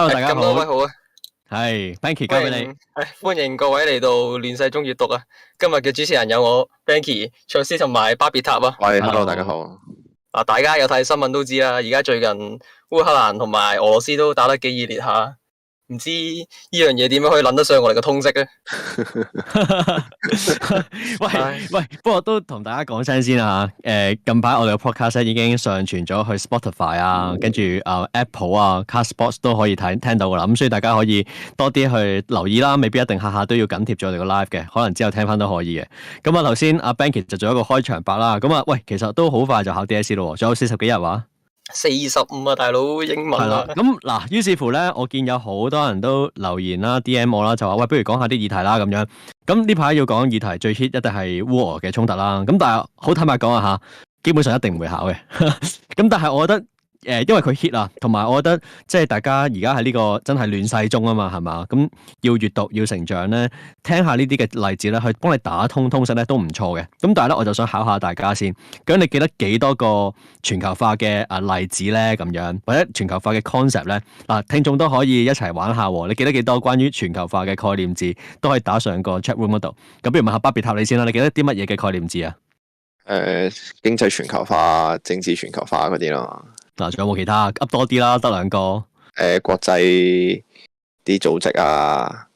hello，大家好。咁多位好啊，係、 hey,，thank you 交俾你。Hey, 歡迎各位嚟到亂世中閱讀啊。今日嘅主持人有我，thank you，卓詩同埋巴比塔啊。hello，大家好。嗱，大家有睇新聞都知啦，而家最近烏克蘭同埋俄羅斯都打得幾熱烈下。唔知,知呢樣嘢點樣可以諗得上我哋嘅通識咧？ 喂 喂，不過都同大家講聲先啊。誒、呃，近排我哋嘅 podcast 已經上傳咗去 Spotify 啊，跟住、嗯啊、Apple 啊、Castbox 都可以睇聽到噶啦。咁所以大家可以多啲去留意啦，未必一定下下都要緊貼咗我哋嘅 live 嘅，可能之後聽翻都可以嘅。咁啊，頭先阿 Benky 就做一個開場白啦。咁啊，喂，其實都好快就考 DSE 咯，仲有四十幾日話。四十五啊，大佬英文啊！咁嗱，於是乎咧，我見有好多人都留言啦、DM 我啦，就話喂，不如講下啲議題啦咁樣。咁呢排要講議題最 hit 一定係烏俄嘅衝突啦。咁但係好坦白講啊嚇，基本上一定唔會考嘅。咁 但係我覺得。誒，因為佢 hit 啊，同埋我覺得即係大家而家喺呢個真係亂世中啊嘛，係嘛？咁要閱讀要成長咧，聽下呢啲嘅例子咧，去幫你打通通識咧都唔錯嘅。咁但係咧，我就想考，考下大家先，咁你記得幾多個全球化嘅啊例子咧？咁樣或者全球化嘅 concept 咧，嗱，聽眾都可以一齊玩下喎。你記得幾多關於全球化嘅概念字都可以打上個 chat room 嗰度。咁不如問下巴比塔你先啦，你記得啲乜嘢嘅概念字啊？誒、呃，經濟全球化、政治全球化嗰啲咯。嗱，仲有冇其他？噏多啲啦，得兩個。誒、呃，國際啲組織啊，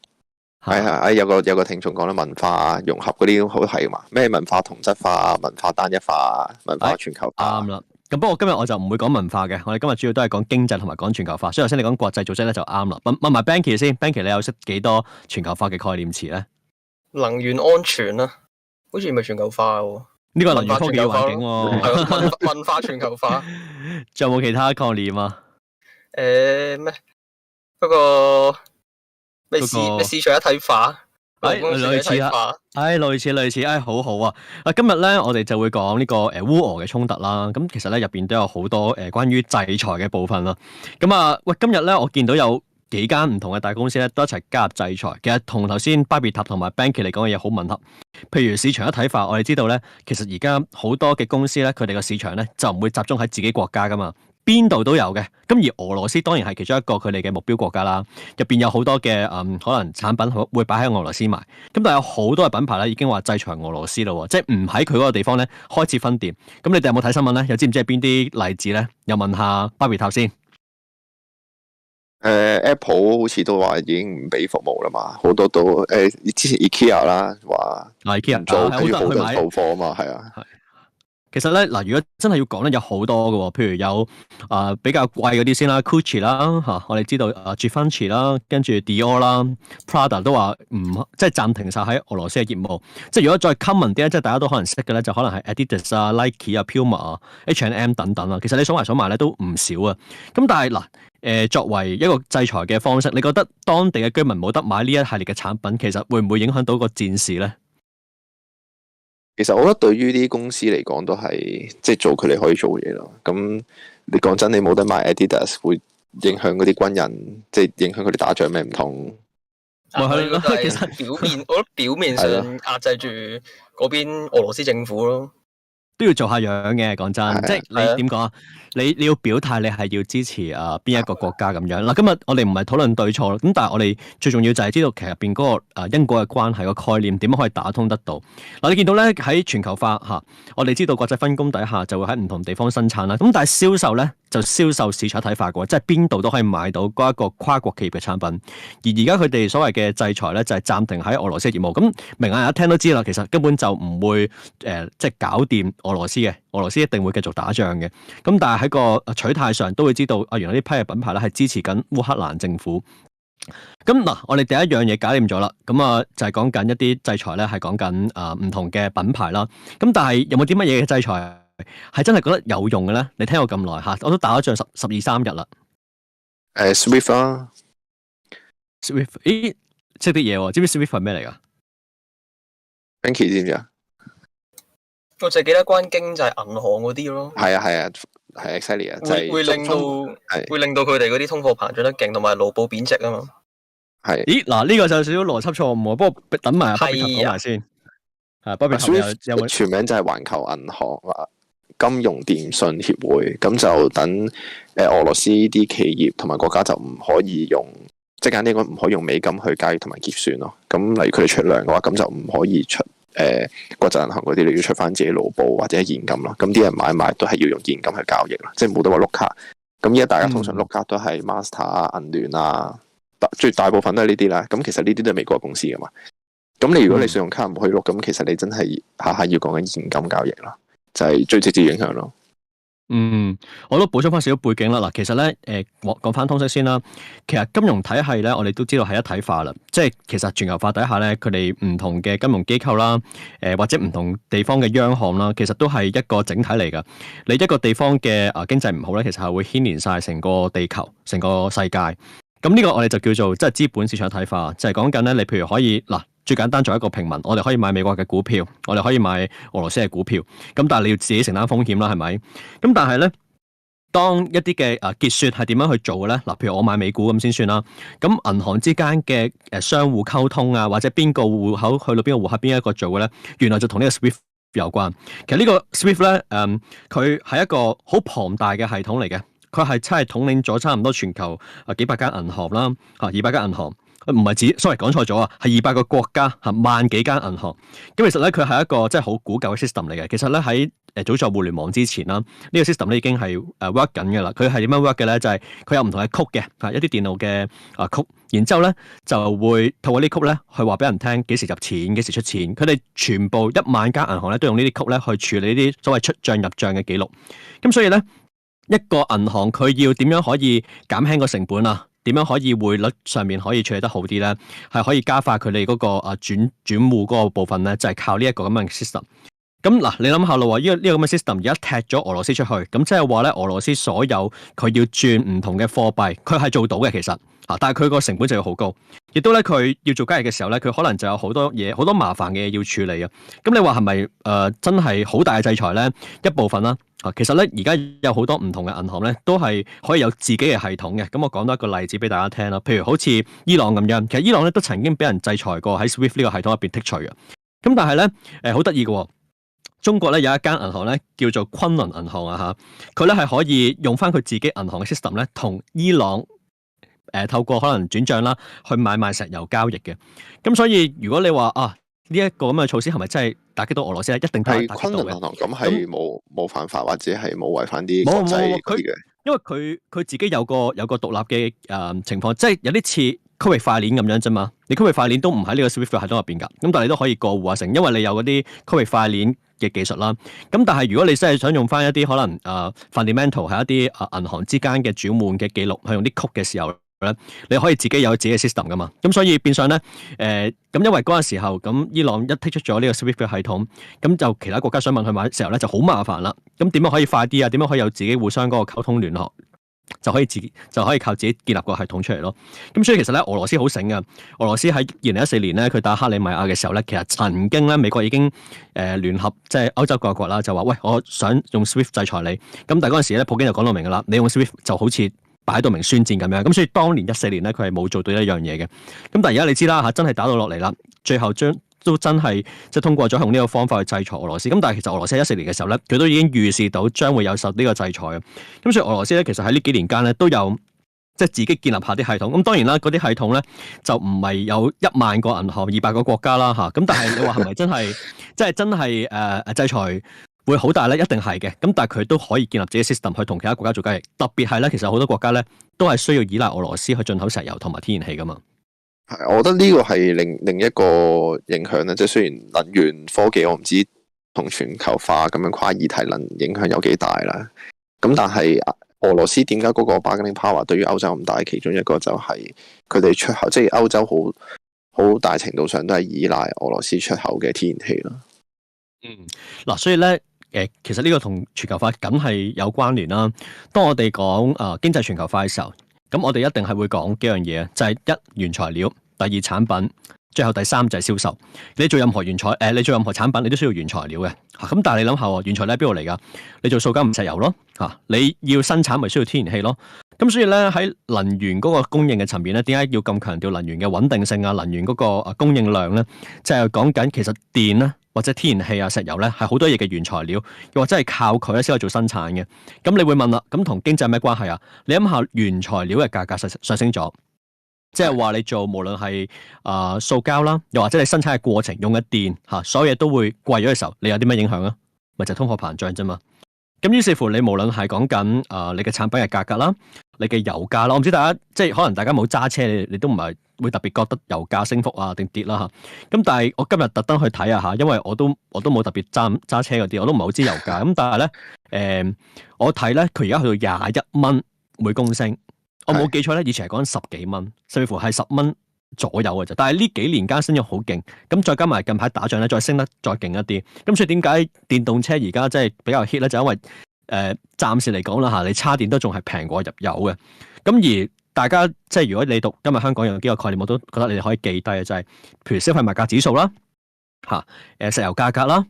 係係、啊，誒、哎哎、有個有個聽眾講得文化融合嗰啲好睇嘛？咩文化同質化、啊？文化單一化、啊？文化全球化，啱啦。咁不過今日我就唔會講文化嘅，我哋今日主要都係講經濟同埋講全球化。所以頭先你講國際組織咧就啱啦。問問埋 Banky 先 Banky 你有識幾多全球化嘅概念詞咧？能源安全啊，好似唔係全球化喎、啊。呢個能源科技嘅環境係、啊、文化全球化。仲 有冇其他概念啊？誒咩、欸？嗰個咩市咩市場一體化？係少類似，類似，哎，類似類似，哎，好好啊。啊，今日咧，我哋就會講呢個誒烏俄嘅衝突啦。咁其實咧，入邊都有好多誒關於制裁嘅部分啦。咁啊，喂，今日咧，我見到有。幾間唔同嘅大公司咧，都一齊加入制裁，其實同頭先 b a 巴比塔同埋 Banky 嚟講嘅嘢好吻合。譬如市場嘅睇法，我哋知道咧，其實而家好多嘅公司咧，佢哋嘅市場咧就唔會集中喺自己國家噶嘛，邊度都有嘅。咁而俄羅斯當然係其中一個佢哋嘅目標國家啦，入邊有好多嘅嗯可能產品會擺喺俄羅斯賣。咁但係有好多嘅品牌咧已經話制裁俄羅斯咯，即係唔喺佢嗰個地方咧開始分店。咁你哋有冇睇新聞咧？又知唔知係邊啲例子咧？又問下 b a 巴比塔先。.誒、欸、Apple 好似都話已經唔俾服務啦嘛，好多都誒，之、欸、前 IKEA 啦話唔 IKEA 做，跟住好多人套貨啊嘛，係啊。其實咧嗱、呃，如果真係要講咧，有好多嘅、哦，譬如有啊、呃、比較貴嗰啲先啦，Gucci 啦吓，我哋知道啊，Givenchy 啦，跟住 Dior 啦，Prada 都話唔即係暫停晒喺俄羅斯嘅業務。即係如果再 common 啲咧，即係大家都可能識嘅咧，就可能係 Adidas 啊、Nike 啊、Puma、啊、H&M 等等啊。其實你想買想買咧都唔少啊。咁但係嗱。誒，作為一個制裁嘅方式，你覺得當地嘅居民冇得買呢一系列嘅產品，其實會唔會影響到個戰事咧？其實我覺得對於啲公司嚟講都係即係做佢哋可以做嘢咯。咁你講真，你冇得買 Adidas 會影響嗰啲軍人，即係影響佢哋打仗咩唔同？其實表面 我覺得表面上壓制住嗰邊俄羅斯政府咯。都要做下樣嘅，講真， 即係你點講啊？你你，你要表態，你係要支持啊邊、呃、一個國家咁樣啦、呃。今日我哋唔係討論對錯咯，咁但係我哋最重要就係知道其實入邊嗰個啊、呃、因果嘅關係、個概念點樣可以打通得到嗱、呃。你見到咧，喺全球化吓、呃，我哋知道國際分工底下就會喺唔同地方生產啦，咁但係銷售咧。就銷售市場睇法嘅話，即係邊度都可以買到嗰一個跨國企業嘅產品。而而家佢哋所謂嘅制裁咧，就係、是、暫停喺俄羅斯嘅業務。咁明眼人一聽都知啦，其實根本就唔會誒、呃，即係搞掂俄羅斯嘅。俄羅斯一定會繼續打仗嘅。咁但係喺個取態上都會知道，啊，原來呢批嘅品牌咧係支持緊烏克蘭政府。咁嗱，我哋第一樣嘢搞掂咗啦。咁啊，就係、是、講緊一啲制裁咧，係講緊啊唔同嘅品牌啦。咁但係有冇啲乜嘢嘅制裁？係真係覺得有用嘅咧？你聽我咁耐吓，我都打咗仗十十二三日啦。誒 uh，Swift 啊、Swift 咦？即係，啲嘢喎？知唔知 Swift 係咩嚟噶。Thank you 知唔知啊？我淨係記得關經濟、銀行嗰啲咯。係啊，係啊，係 exactly 啊，啊，就係、是、會，會令到，會令到佢哋嗰啲通貨膨脹得勁，同埋盧布貶值啊嘛。係是，咦嗱？呢、這個就有少少邏輯錯誤，不過等埋下、啊啊啊、先。啊，哈比談又全名就係環球銀行、啊金融電信協會，咁就等誒、呃、俄羅斯啲企業同埋國家就唔可以用， 即係講呢唔可以用美金去交易同埋結算咯。咁例如佢哋出糧嘅話，咁就唔可以出誒、呃、國際銀行嗰啲，你要出翻自己盧布或者現金咯。咁啲人買賣都係要用現金去交易啦，即係冇得話碌卡。咁依家大家通常碌卡都係 Master 啊、銀聯啊，大最大部分都係呢啲啦。咁其實呢啲都係美國公司嘅嘛。咁你如果你信用卡唔可以碌，咁、嗯、其實你真係下下要講緊現金交易啦。就係最直接影響咯。嗯，我都補充翻少少背景啦。嗱，其實咧，誒、呃，講翻通識先啦。其實金融體系咧，我哋都知道係一體化啦。即係其實全球化底下咧，佢哋唔同嘅金融機構啦，誒、呃，或者唔同地方嘅央行啦，其實都係一個整體嚟噶。你一個地方嘅啊經濟唔好咧，其實係會牽連晒成個地球、成個世界。咁呢個我哋就叫做即係資本市場一體化。就係講緊咧，你譬如可以嗱。最簡單，做一個平民，我哋可以買美國嘅股票，我哋可以買俄羅斯嘅股票。咁但係你要自己承擔風險啦，係咪？咁但係咧，當一啲嘅誒結算係點樣去做嘅咧？嗱，譬如我買美股咁先算啦。咁銀行之間嘅誒相互溝通啊，或者邊個戶口去到邊個戶口邊一個做嘅咧？原來就同呢個 SWIFT 有關。其實呢個 SWIFT 咧，誒、嗯，佢係一個好龐大嘅系統嚟嘅。佢係真係統領咗差唔多全球啊幾百間銀行啦，嚇二百間銀行。啊唔係指，sorry，講錯咗啊，係二百個國家嚇、啊、萬幾間銀行，咁其實咧佢係一個即係好古舊嘅 system 嚟嘅。其實咧喺誒早在互聯網之前啦，呢、這個 system 咧已經係誒 work 緊嘅啦。佢係點樣 work 嘅咧？就係、是、佢有唔同嘅曲嘅嚇，一啲電腦嘅啊曲，然之後咧就會透過呢曲咧去話俾人聽幾時入錢，幾時出錢。佢哋全部一萬間銀行咧都用呢啲曲咧去處理啲所謂出帳入帳嘅記錄。咁、啊、所以咧一個銀行佢要點樣可以減輕個成本啊？點樣可以匯率上面可以處理得好啲咧？係可以加快佢哋嗰個啊轉轉戶嗰個部分咧，就係靠呢一個咁嘅 system。咁嗱，你諗下啦喎，呢個呢個咁嘅 system，而家踢咗俄羅斯出去，咁即係話咧，俄羅斯所有佢要轉唔同嘅貨幣，佢係做到嘅其實。啊！但係佢個成本就要好高，亦都咧佢要做交易嘅時候咧，佢可能就有好多嘢，好多麻煩嘅嘢要處理啊。咁、嗯、你話係咪誒真係好大嘅制裁咧？一部分啦。啊，其實咧而家有好多唔同嘅銀行咧，都係可以有自己嘅系統嘅。咁、嗯、我講多一個例子俾大家聽啦。譬如好似伊朗咁樣，其實伊朗咧都曾經俾人制裁過喺 SWIFT 呢個系統入邊剔除嘅。咁、嗯、但係咧誒好得意嘅，中國咧有一間銀行咧叫做昆侖銀行啊吓，佢咧係可以用翻佢自己銀行嘅 system 咧同伊朗。誒透過可能轉帳啦，去買賣石油交易嘅，咁所以如果你話啊呢一個咁嘅措施係咪真係打擊到俄羅斯咧？是一定係打擊到嘅。咁係冇冇犯法或者係冇違反啲國際規則嘅。因為佢佢自己有個有個獨立嘅誒、呃、情況，即係有啲似區塊鏈咁樣啫嘛。你區塊鏈都唔喺呢個 Swift 系統入邊㗎，咁但係你都可以過戶啊成，因為你有嗰啲區塊鏈嘅技術啦。咁但係如果你真係想用翻一啲可能誒、呃、fundamental 係一啲誒、呃、銀行之間嘅轉換嘅記錄，係用啲曲嘅時候。你可以自己有自己嘅 system 噶嘛，咁所以變相咧，誒、呃，咁因為嗰陣時候，咁伊朗一剔出咗呢個 SWIFT 嘅系統，咁就其他國家想問佢買石油咧就好麻煩啦。咁點樣可以快啲啊？點樣可以有自己互相嗰個溝通聯絡，就可以自己就可以靠自己建立個系統出嚟咯。咁所以其實咧，俄羅斯好醒噶，俄羅斯喺二零一四年咧，佢打克里米亞嘅時候咧，其實曾經咧美國已經誒聯合即係歐洲各國啦，就話喂，我想用 SWIFT 制裁你。咁但係嗰陣時咧，普京就講到明噶啦，你用 SWIFT 就好似。擺到明宣戰咁樣，咁所以當年一四年咧，佢係冇做到一樣嘢嘅。咁但係而家你知啦嚇，真係打到落嚟啦，最後將都真係即係通過咗用呢個方法去制裁俄羅斯。咁但係其實俄羅斯喺一四年嘅時候咧，佢都已經預示到將會有受呢個制裁啊。咁所以俄羅斯咧，其實喺呢幾年間咧都有即係自己建立下啲系統。咁當然啦，嗰啲系統咧就唔係有一萬個銀行、二百個國家啦嚇。咁但係你話係咪真係即係真係誒誒制裁？會好大咧，一定係嘅。咁但係佢都可以建立自己 system 去同其他國家做交易，特別係咧，其實好多國家咧都係需要依賴俄羅斯去進口石油同埋天然氣噶嘛。係，我覺得呢個係另另一個影響咧。即係雖然能源科技，我唔知同全球化咁樣跨議題能影響有幾大啦。咁但係俄羅斯點解嗰個 bargaining power 對於歐洲咁大？其中一個就係佢哋出口，即係歐洲好好大程度上都係依賴俄羅斯出口嘅天然氣啦。嗯，嗱、啊，所以咧。誒，其實呢個同全球化梗係有關聯啦。當我哋講啊經濟全球化嘅時候，咁我哋一定係會講幾樣嘢就係、是、一原材料，第二產品，最後第三就係、是、銷售。你做任何原材誒、呃，你做任何產品，你都需要原材料嘅。咁但係你諗下，原材料係邊度嚟噶？你做塑膠，唔石油咯吓，你要生產咪需要天然氣咯。咁所以咧喺能源嗰個供應嘅層面咧，點解要咁強調能源嘅穩定性啊？能源嗰個啊供應量咧，即係講緊其實電咧。或者天然氣啊、石油咧，係好多嘢嘅原材料，又或者係靠佢咧先可以做生產嘅。咁你會問啦，咁同經濟有咩關係啊？係你諗下原材料嘅價格上上升咗，即係話你做無論係啊塑膠啦，又或者你生產嘅過程用嘅電嚇、啊，所有嘢都會貴咗嘅時候，你有啲咩影響啊？咪就係、通貨膨脹啫嘛。咁於是乎你無論係、呃，你無論係講緊啊你嘅產品嘅價格啦，你嘅油價啦，我唔知大家即係可能大家冇揸車，你都唔係會特別覺得油價升幅啊定跌啦、啊、吓，咁但係我今日特登去睇下，吓，因為我都我都冇特別揸揸車嗰啲，我都唔係好知油價。咁但係咧，誒，我睇咧佢而家去到廿一蚊每公升， 我冇記錯咧，以前係講緊十幾蚊，甚至乎係十蚊左右嘅啫。但係呢幾年間升咗好勁，咁再加埋近排打仗咧，再升得再勁一啲。咁所以點解電動車而家即係比較 hit 咧？就因為誒，暫、呃、時嚟講啦吓，你叉電都仲係平過入油嘅。咁而大家即係如果你讀今日香港有幾個概念，我都覺得你哋可以記低嘅就係、是，譬如消費物價指數啦，嚇，誒石油價格啦，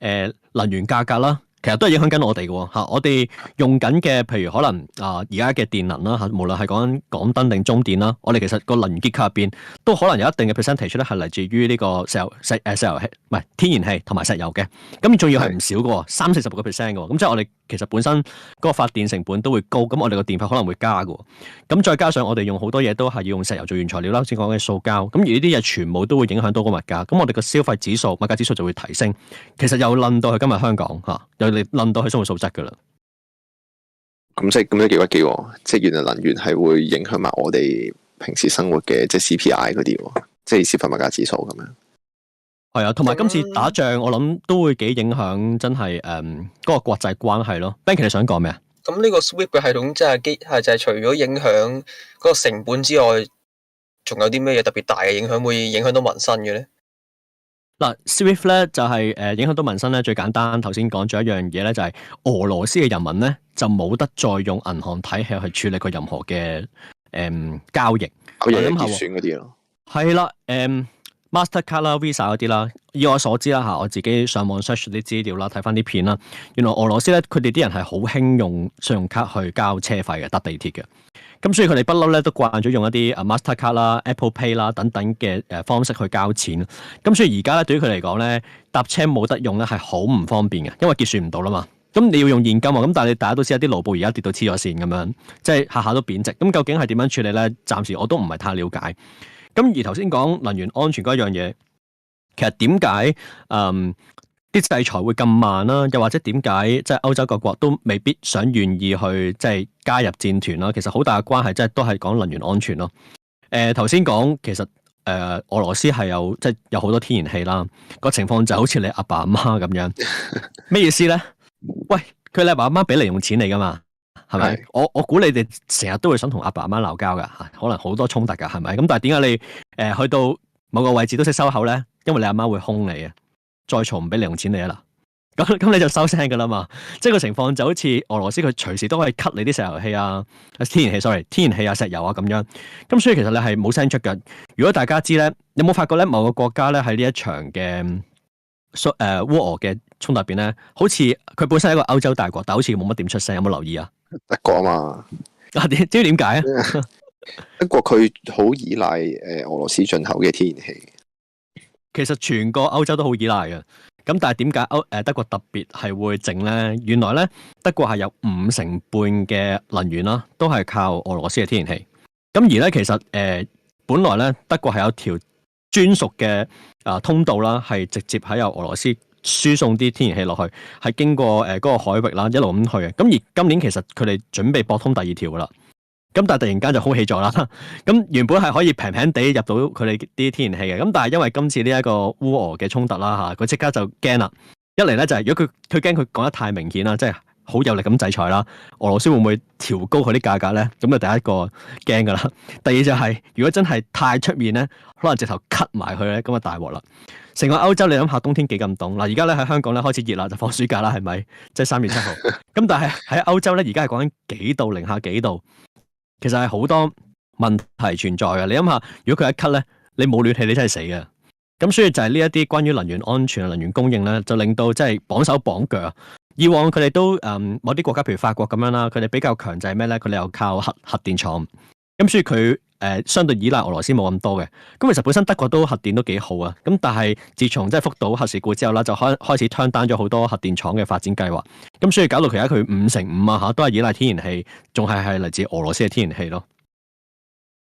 誒能源價格啦。其實都係影響緊我哋嘅吓，我哋用緊嘅，譬如可能啊而家嘅電能啦吓，無論係講緊港燈定中電啦，我哋其實個能源結構入邊都可能有一定嘅 percent 提出咧係嚟自於呢個石油、石誒石油氣唔係天然氣同埋石油嘅，咁仲要係唔少嘅，三四十個 percent 嘅，咁、嗯、即係我哋其實本身嗰個發電成本都會高，咁、嗯、我哋個電費可能會加嘅，咁、嗯、再加上我哋用好多嘢都係要用石油做原材料啦，先講嘅塑膠，咁、嗯、而呢啲嘢全部都會影響到個物價，咁、嗯、我哋個消費指數、物價指數就會提升。其實又論到去今日香港吓，啊你諗到佢生活素質噶啦，咁即係咁樣幾屈機，即係原來能源係會影響埋我哋平時生活嘅，即係 CPI 嗰啲，即係消費物價指數咁樣。係啊，同埋今次打仗，我諗都會幾影響，真係誒，嗰、嗯嗰個國際關係咯。Ben，y 你想講咩啊？咁呢個 SWIFT 嘅系統即係基，就係、是、除咗影響嗰個成本之外，仲有啲咩嘢特別大嘅影響，會影響到民生嘅咧？嗱，Swift 咧就係、是、誒、呃、影響到民生咧，最簡單頭先講咗一樣嘢咧，就係俄羅斯嘅人民咧就冇得再用銀行體系去處理佢任何嘅誒、嗯、交易，佢嘢結算嗰啲咯，係啦，誒、嗯。嗯。Master 卡啦、Visa 嗰啲啦，以我所知啦嚇，我自己上網 search 啲資料啦，睇翻啲片啦，原來俄羅斯咧，佢哋啲人係好興用信用卡去交車費嘅，搭地鐵嘅。咁所以佢哋不嬲咧，都慣咗用一啲 Master 卡啦、Apple Pay 啦等等嘅誒方式去交錢。咁所以而家咧，對於佢嚟講咧，搭車冇得用咧，係好唔方便嘅，因為結算唔到啦嘛。咁你要用現金啊，咁但係你大家都知一啲盧布而家跌到黐咗線咁樣，即係下下都貶值。咁究竟係點樣處理咧？暫時我都唔係太了解。咁而頭先講能源安全嗰樣嘢，其實點解誒啲制裁會咁慢啦？又或者點解即係歐洲各國都未必想願意去即係加入戰團啦？其實好大嘅關係，即係都係講能源安全咯。誒、呃，頭先講其實誒、呃、俄羅斯係有即係有好多天然氣啦，個情況就好似你阿爸阿媽咁樣，咩意思咧？喂，佢你阿爸阿媽俾零用錢你噶嘛？係咪的？我我估你哋成日都會想同阿爸阿媽鬧交噶吓，可能好多衝突噶係咪？咁但係點解你誒、呃、去到某個位置都識收口咧？因為你阿媽會兇你啊，再嘈唔俾你用錢你啊嗱。咁咁你就收聲噶啦嘛。即係個情況就好似俄羅斯佢隨時都可以 cut 你啲石油氣啊、天然氣 sorry 天然氣啊、石油啊咁樣。咁所以其實你係冇聲出腳。如果大家知咧，有冇發覺咧某個國家咧喺呢一場嘅？蘇誒，烏俄嘅衝突入邊咧，好似佢本身係一個歐洲大國，但好似冇乜點出聲，有冇留意啊？德國啊嘛，啊點？ 知點解啊？德國佢好依賴誒俄羅斯進口嘅天然氣。 其實全個歐洲都好依賴嘅，咁但係點解歐誒德國特別係會靜咧？原來咧，德國係有五成半嘅能源啦，都係靠俄羅斯嘅天然氣。咁而咧，其實誒本來咧，德國係有條。專屬嘅啊通道啦，係直接喺由俄羅斯輸送啲天然氣落去，係經過誒嗰個海域啦，一路咁去嘅。咁而今年其實佢哋準備駁通第二條噶啦，咁但係突然間就空氣咗啦。咁原本係可以平平哋入到佢哋啲天然氣嘅，咁但係因為今次呢一個烏俄嘅衝突啦吓，佢即刻就驚啦。一嚟咧就係如果佢佢驚佢講得太明顯啦，即係。好有力咁制裁啦！俄羅斯會唔會調高佢啲價格咧？咁就第一個驚噶啦。第二就係、是，如果真係太出面咧，可能直頭 cut 埋佢咧，咁啊大鑊啦！成個歐洲你諗下，冬天幾咁凍嗱？而家咧喺香港咧開始熱啦，就放暑假啦，係咪？即係三月七號。咁 但係喺歐洲咧，而家係講緊幾度零下幾度，其實係好多問題存在嘅。你諗下，如果佢一 cut 咧，你冇暖氣，你真係死嘅。咁所以就係呢一啲關於能源安全、能源供應咧，就令到即係、就是、綁手綁腳。以往佢哋都誒、嗯、某啲國家，譬如法國咁樣啦，佢哋比較強制咩咧？佢哋又靠核核電廠，咁所以佢誒、呃、相對依賴俄羅斯冇咁多嘅。咁其實本身德國都核電都幾好啊，咁但係自從即係福島核事故之後啦，就開開始 turn down 咗好多核電廠嘅發展計劃。咁所以搞到而家佢五成五啊嚇、啊，都係依賴天然氣，仲係係嚟自俄羅斯嘅天然氣咯。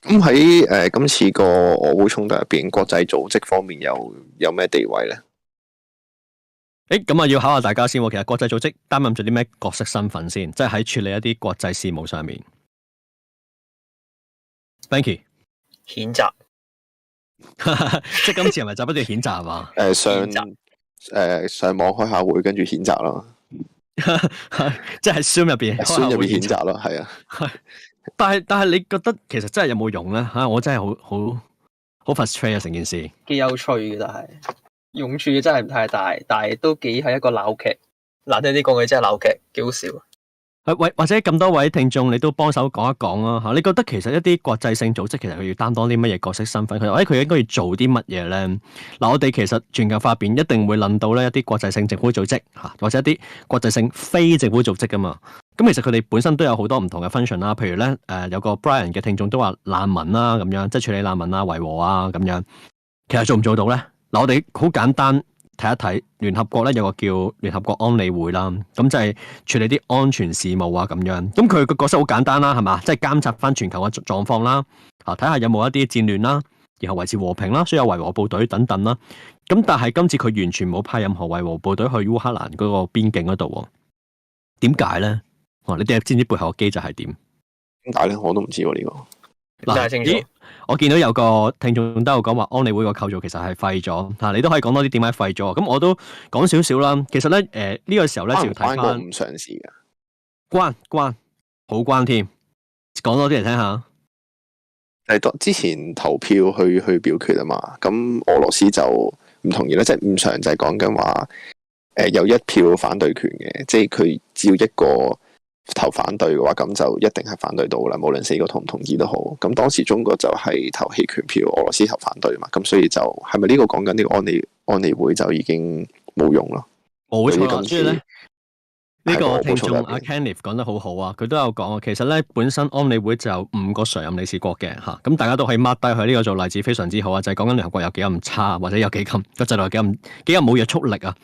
咁喺誒今次個俄烏衝突入邊，國際組織方面有有咩地位咧？誒，咁啊，要考下大家先。其實國際組織擔任咗啲咩角色身份先，即係喺處理一啲國際事務上面。Thank you 譴責， 即係今次係咪就不斷譴責啊？嘛、呃，誒上誒責、呃、上網開下會，跟住譴責咯。係 即係 Zoom 入邊，Zoom 入邊譴責咯，係啊。係 但係但係，你覺得其實真係有冇用咧？吓、啊，我真係好好好 frustrate 啊，成件事。幾有趣嘅，但係。用處真係唔太大，但係都幾係一個鬧劇。難聽啲講嘅，真係鬧劇，幾好笑。喂，或者咁多位聽眾，你都幫手講一講啊。吓。你覺得其實一啲國際性組織，其實佢要擔當啲乜嘢角色身份？佢，誒，佢應該要做啲乜嘢咧？嗱、啊，我哋其實全球化變，一定會諗到咧，一啲國際性政府組織吓、啊，或者一啲國際性非政府組織噶嘛。咁、啊、其實佢哋本身都有好多唔同嘅 function 啦。譬如咧，誒、呃，有個 Brian 嘅聽眾都話難民啦、啊，咁樣即係處理難民啊、維和啊咁樣，其實做唔做到咧？嗱，我哋好簡單睇一睇聯合國咧，有個叫聯合國安理會啦，咁就係處理啲安全事務啊，咁樣，咁佢個角色好簡單啦、啊，係嘛，即係監察翻全球嘅狀況啦，啊，睇下有冇一啲戰亂啦、啊，然後維持和平啦、啊，需要維和部隊等等啦、啊，咁但係今次佢完全冇派任何維和部隊去烏克蘭嗰個邊境嗰、啊、度，點解咧？啊，你哋知唔知背後嘅機制係點？點解咧？我都唔知喎呢、啊這個。嗱，咦啦？我見到有個聽眾都講話安理會個構造其實係廢咗吓，你都可以講多啲點解廢咗啊？咁我都講少少啦。其實咧，誒、呃，呢、這個時候咧就要睇翻五常事嘅關關好關添，講多啲嚟聽下。係之前投票去去表決啊嘛，咁俄羅斯就唔同意啦，即係五常就係講緊話誒，有一票反對權嘅，即係佢只要一個。投反對嘅話，咁就一定係反對到啦。無論四個同唔同意都好。咁當時中國就係投棄權票，俄羅斯投反對嘛。咁所以就係咪呢個講緊呢、這個安理安理會就已經冇用咯？冇錯、啊，所以呢這個嗎聽眾阿聽眾、啊、Kenneth 講得好好啊。佢都有講啊。其實咧，本身安理會就有五個常任理事國嘅嚇。咁、啊嗯、大家都係 mark 低佢呢個做例子，非常之好啊。就係講緊聯合國有幾咁差，或者有幾咁個制度有幾咁幾咁冇約束力啊。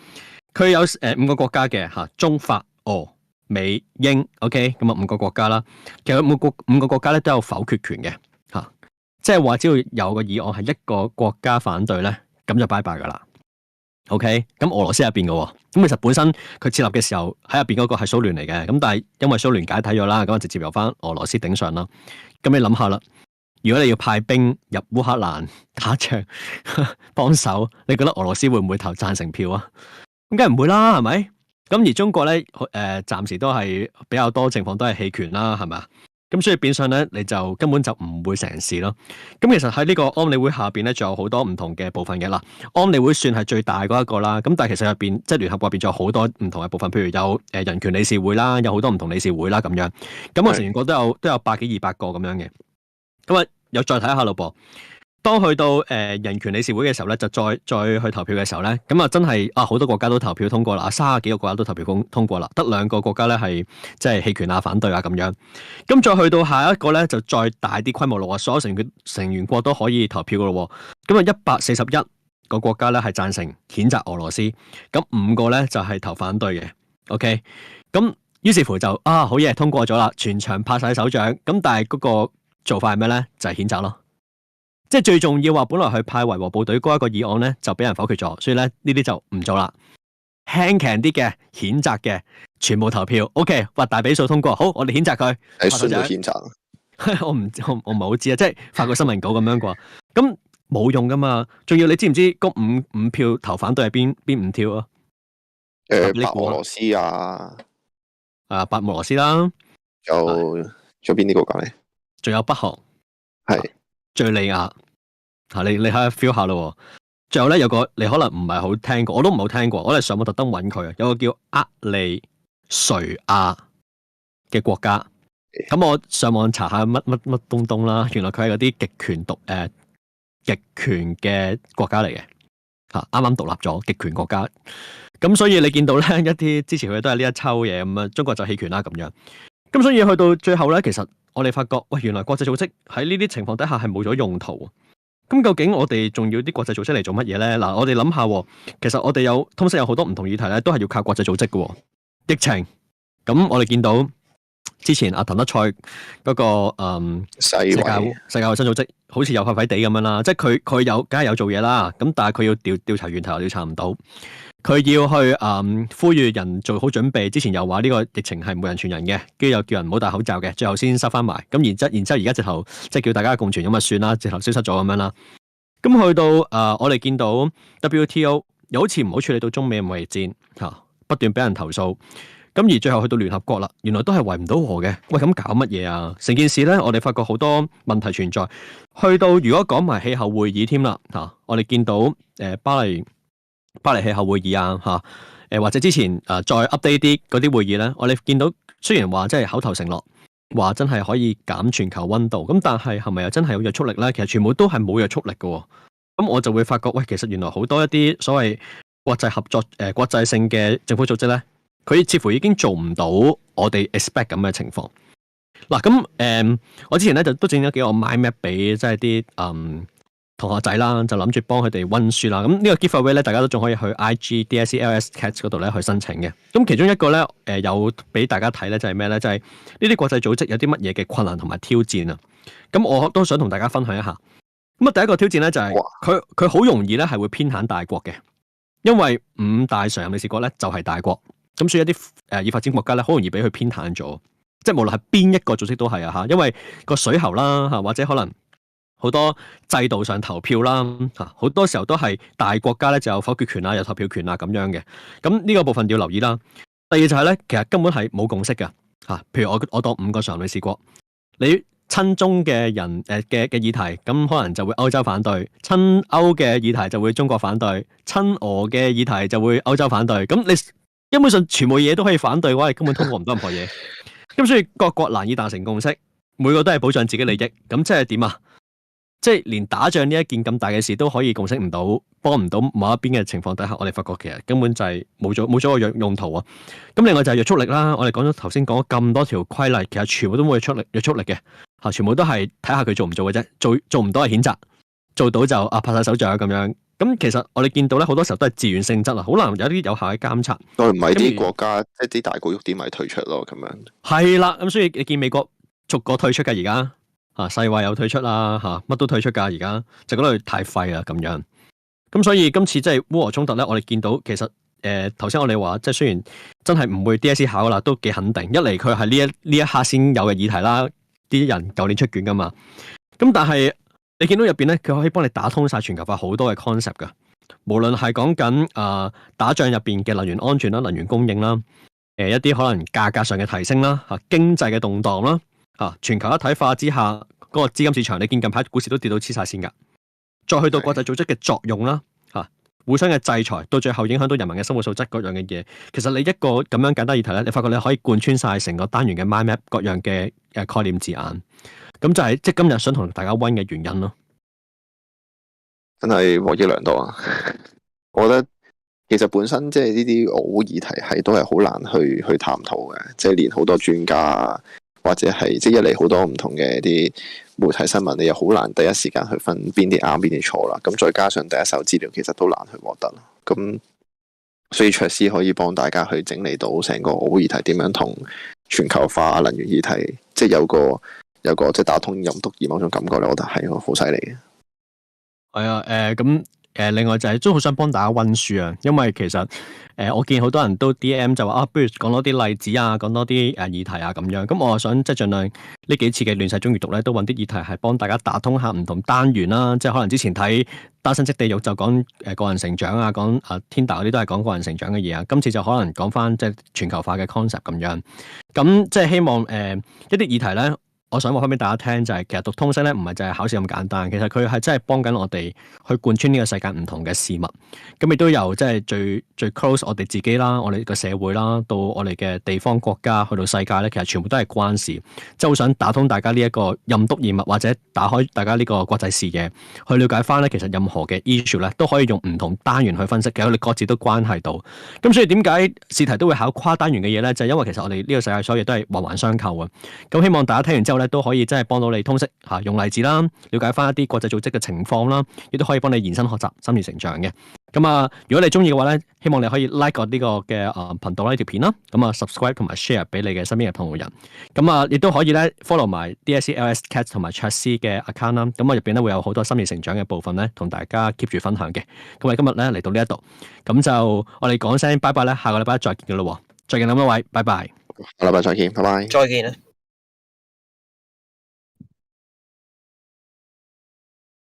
佢有誒、呃、五個國家嘅嚇，中法俄。哦哦美英，OK，咁啊五個國家啦，其實每個五個國家咧都有否決權嘅吓，即係話只要有個議案係一個國家反對咧，咁就拜拜噶啦。OK，咁俄羅斯入邊嘅、哦，咁其實本身佢設立嘅時候喺入邊嗰個係蘇聯嚟嘅，咁但係因為蘇聯解體咗啦，咁啊直接由翻俄羅斯頂上啦。咁你諗下啦，如果你要派兵入烏克蘭打仗幫手，你覺得俄羅斯會唔會投贊成票啊？咁梗係唔會啦，係咪？咁而中國咧，誒、呃、暫時都係比較多情況都係棄權啦，係嘛？咁所以變相咧，你就根本就唔會成事咯。咁其實喺呢個安理會下邊咧，仲有好多唔同嘅部分嘅嗱，安理會算係最大嗰一個啦。咁但係其實入邊即係聯合國入邊，仲有好多唔同嘅部分，譬如有誒人權理事會啦，有好多唔同理事會啦咁樣。咁個成員國都有是都有百幾二百個咁樣嘅。咁啊，有再睇下咯噃。當去到誒、呃、人權理事會嘅時候咧，就再再去投票嘅時候咧，咁啊真係啊好多國家都投票通過啦，三十幾個國家都投票通通過啦，得兩個國家咧係即係棄權啊、反對啊咁樣。咁、嗯、再去到下一個咧，就再大啲規模咯，所有成個成員國都可以投票噶咯。咁啊一百四十一個國家咧係贊成譴責俄羅斯，咁、嗯、五個咧就係、是、投反對嘅。OK，咁、嗯、於是乎就啊好嘢，通過咗啦，全場拍晒手掌。咁但係嗰個做法係咩咧？就係、是、譴責咯。即係最重要，話本來去派維和部隊嗰一個議案咧，就俾人否決咗，所以咧呢啲就唔做啦。輕強啲嘅譴責嘅，全部投票，OK，劃大比數通過，好，我哋譴責佢。係需要譴責。 我唔知，我唔係好知啊，即係發個新聞稿咁樣啩？咁冇用噶嘛？仲要你知唔知嗰五五票投反對係邊邊五票啊？誒、呃，白俄羅斯啊，啊，白俄羅斯啦，仲有邊啲國家咧？仲有北韓，係叙利亞。嚇、啊、你你睇下 feel 下咯，最後咧有個你可能唔係好聽過，我都唔係好聽過，我哋上網特登揾佢啊，有個叫厄利瑞亞嘅國家，咁我上網查下乜乜乜東東啦，原來佢係嗰啲極權獨誒、呃、極權嘅國家嚟嘅，嚇，啱啱獨立咗極權國家，咁所以你見到咧一啲支持佢都係呢一抽嘢，咁啊中國就棄權啦咁樣，咁所以去到最後咧，其實我哋發覺喂，原來國際組織喺呢啲情況底下係冇咗用途。咁究竟我哋仲要啲國際組織嚟做乜嘢咧？嗱，我哋諗下，其實我哋有通識有好多唔同議題咧，都係要靠國際組織嘅喎。疫情，咁我哋見到。之前阿譚德塞嗰、那個、嗯、世，衛世界世界衞生組織，好似又廢廢地咁樣啦，即係佢佢有，梗係有做嘢啦。咁但係佢要調調查源頭又調查唔到，佢要去誒、嗯、呼籲人做好準備。之前又話呢個疫情係冇人傳人嘅，跟住又叫人唔好戴口罩嘅，最後先收翻埋。咁然之後，然之後而家直頭即係叫大家共存咁咪算啦，直頭消失咗咁樣啦。咁去到誒、呃，我哋見到 WTO 又好似唔好處理到中美貿易戰嚇、啊，不斷俾人投訴。咁而最後去到聯合國啦，原來都係圍唔到和嘅。喂，咁搞乜嘢啊？成件事咧，我哋發覺好多問題存在。去到如果講埋氣候會議添啦，嚇、啊，我哋見到誒、呃、巴黎巴黎氣候會議啊，嚇、啊、誒、呃、或者之前誒、呃、再 update 啲嗰啲會議咧，我哋見到雖然話真係口頭承諾，話真係可以減全球溫度，咁但係係咪又真係有約束力咧？其實全部都係冇約束力嘅、啊。咁我就會發覺，喂，其實原來好多一啲所謂國際合作誒、呃、國際性嘅政府組織咧。佢似乎已經做唔到我哋 expect 咁嘅情況。嗱咁誒，我之前咧就都整咗幾個 mind map 俾即係啲誒同學仔啦，就諗住幫佢哋溫書啦。咁、這個、呢個 giveaway 咧，大家都仲可以去 IGDACLSCats 嗰度咧去申請嘅。咁、嗯、其中一個咧誒、呃，有俾大家睇咧就係咩咧？就係、是、呢啲、就是、國際組織有啲乜嘢嘅困難同埋挑戰啊！咁、嗯、我都想同大家分享一下。咁、嗯、啊，第一個挑戰咧就係佢佢好容易咧係會偏袒大國嘅，因為五大常任理事國咧就係、是、大國。咁所以一啲誒，已、呃、發展國家咧，好容易俾佢偏袒咗，即係無論係邊一個組織都係啊嚇，因為個水喉啦嚇，或者可能好多制度上投票啦嚇，好多時候都係大國家咧就有否決權啊，有投票權啊咁樣嘅。咁呢個部分要留意啦。第二就係咧，其實根本係冇共識嘅嚇。譬如我我當五個常理事國，你親中嘅人誒嘅嘅議題，咁可能就會歐洲反對；親歐嘅議題就會中國反對；親俄嘅議題就會歐洲反對。咁你？根本上全部嘢都可以反對，嘅話根本通過唔到任何嘢。咁 所以各國難以達成共識，每個都係保障自己利益。咁即係點啊？即係連打仗呢一件咁大嘅事都可以共識唔到，幫唔到某一邊嘅情況底下，我哋發覺其實根本就係冇咗冇咗個用途啊！咁另外就係約束力啦。我哋講咗頭先講咗咁多條規例，其實全部都冇約束力約束力嘅嚇，全部都係睇下佢做唔做嘅啫。做做唔到係譴責，做到就啊拍曬手掌咁樣。咁其實我哋見到咧，好多時候都係自願性質啦，好難有啲有效嘅監察。都唔係啲國家，即係啲大股喐啲，咪退出咯，咁樣。係啦，咁所以你見美國逐個退出嘅而家，吓，世衛有退出啦，吓，乜都退出噶而家，就覺得佢太廢啦咁樣。咁所以今次即係烏俄衝突咧，我哋見到其實誒，頭、呃、先我哋話即係雖然真係唔會 DSE 考啦，都幾肯定。一嚟佢係呢一呢一刻先有嘅議題啦，啲人舊年出卷噶嘛。咁但係。你見到入邊咧，佢可以幫你打通晒全球化好多嘅 concept 噶無論係講緊啊打仗入邊嘅能源安全啦、能源供應啦，誒、呃、一啲可能價格上嘅提升啦、吓、啊、經濟嘅動盪啦、吓、啊、全球一體化之下嗰、那個資金市場，你見近排股市都跌到黐晒線噶再去到國際組織嘅作用啦、吓、啊、互相嘅制裁，到最後影響到人民嘅生活素質各樣嘅嘢，其實你一個咁樣簡單議題咧，你發覺你可以貫穿晒成個單元嘅 mind map 各樣嘅誒概念字眼。咁就係即係今日想同大家溫嘅原因咯，真係獲益良多啊！ 我覺得其實本身即係呢啲耦議題係都係好難去去探討嘅，即、就、係、是、連好多專家啊，或者係即係一嚟好多唔同嘅啲媒體新聞，你又好難第一時間去分邊啲啱邊啲錯啦。咁再加上第一手資料其實都難去獲得，咁所以卓 h 可以幫大家去整理到成個耦議題點樣同全球化能源議題即係有個。有個即係打通任督二脈嗰種感覺咧，我覺得係個好犀利嘅。係啊，誒， 咁、yeah，誒、呃呃，另外就係都好想幫大家溫書啊，因為其實誒、呃，我見好多人都 DM 就話啊、喔，不如講多啲例子啊，講多啲誒議題啊，咁樣。咁、啊、我啊想即係盡量呢幾次嘅亂世中閱讀咧，都揾啲議題係幫大家打通下唔同單元啦。即係可能之前睇《單身即地獄》就講誒個人成長啊，講阿 Tinder 嗰啲都係講個人成長嘅嘢啊。今次就可能講翻即係全球化嘅 concept 咁樣。咁即係希望誒一啲議題咧。嗯。我想話翻俾大家聽，就係、是、其實讀通識咧，唔係就係考試咁簡單，其實佢係真係幫緊我哋去貫穿呢個世界唔同嘅事物。咁亦都由即係最最 close 我哋自己啦，我哋個社會啦，到我哋嘅地方國家，去到世界咧，其實全部都係關事。即係好想打通大家呢一個任督二脈，或者打開大家呢個國際視野，去了解翻咧，其實任何嘅 issue 咧，都可以用唔同單元去分析，其實我哋各自都關係到。咁所以點解試題都會考跨單元嘅嘢咧就係、是、因為其實我哋呢個世界所有嘢都係環環相扣啊！咁希望大家聽完之後都可以真係幫到你通識吓、啊、用例子啦，了解翻一啲國際組織嘅情況啦，亦都可以幫你延伸學習、心智成長嘅。咁啊，如果你中意嘅話咧，希望你可以 like 我呢個嘅誒頻道啦、呢條片啦，咁啊 subscribe 同埋 share 俾你嘅身邊嘅朋友人。咁啊，亦都可以咧 follow 埋 DACLs c a t 同埋 Cheukc 嘅 account 啦。咁啊，入邊咧會有好多心智成長嘅部分咧，同大家 keep 住分享嘅。咁我哋今日咧嚟到呢一度，咁就我哋講聲拜拜啦，下個禮拜再見嘅咯。最近諗多位，拜拜。下禮拜再見，拜拜。再見啊！